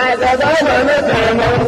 I'm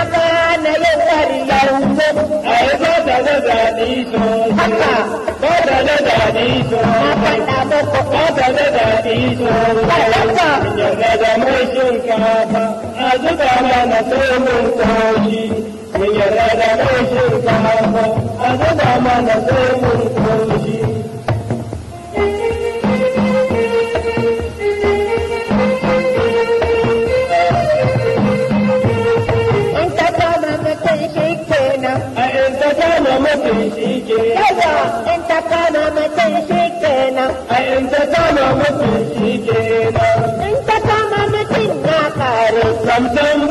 su haka bada da daɗi su faɗa boko bada da daɗi su haka yana da mai shinkafa a zuba mana tsohon koshi mun yarda da mai shinkafa a zuba mana tsohon koshi in ta kama shi kaza shi a in ta shi ya kare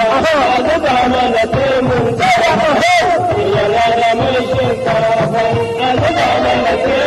da zama da sai mun tsara yana da mulkin karfan da zama da sai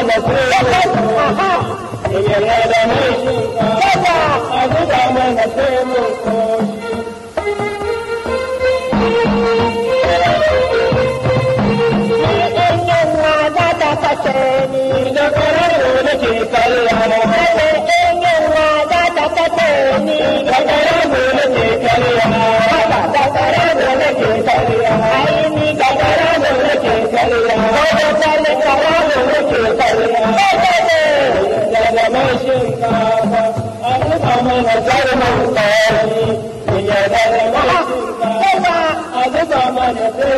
المسيح إن الهدى Glória a Deus.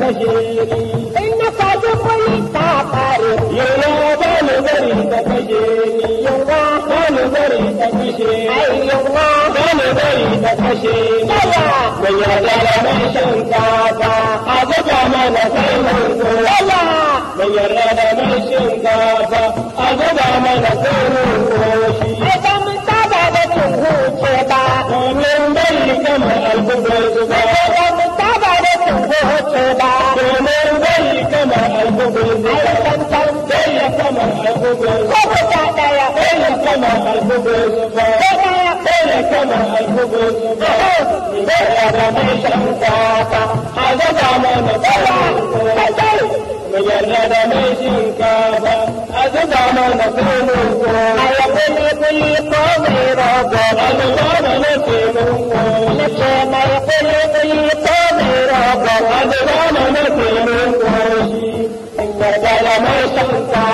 kashe ni. In na kaji kuɗi ta bari ta kashe ni. Yawa ba bari ta kashe ni. Ai yawa ba bari ta kashe ni. Yawa. Ban yarda da mai shinkafa. A zuba mana kai mun yarda da mai shinkafa. A zuba mana kai مجرد ميشن كافة أجدع ما نقول يقول لكل قوم ربنا أجدع ما نقول لما يقول لكل قوم ربنا أجدع ما نقول إن جل ميشن كافة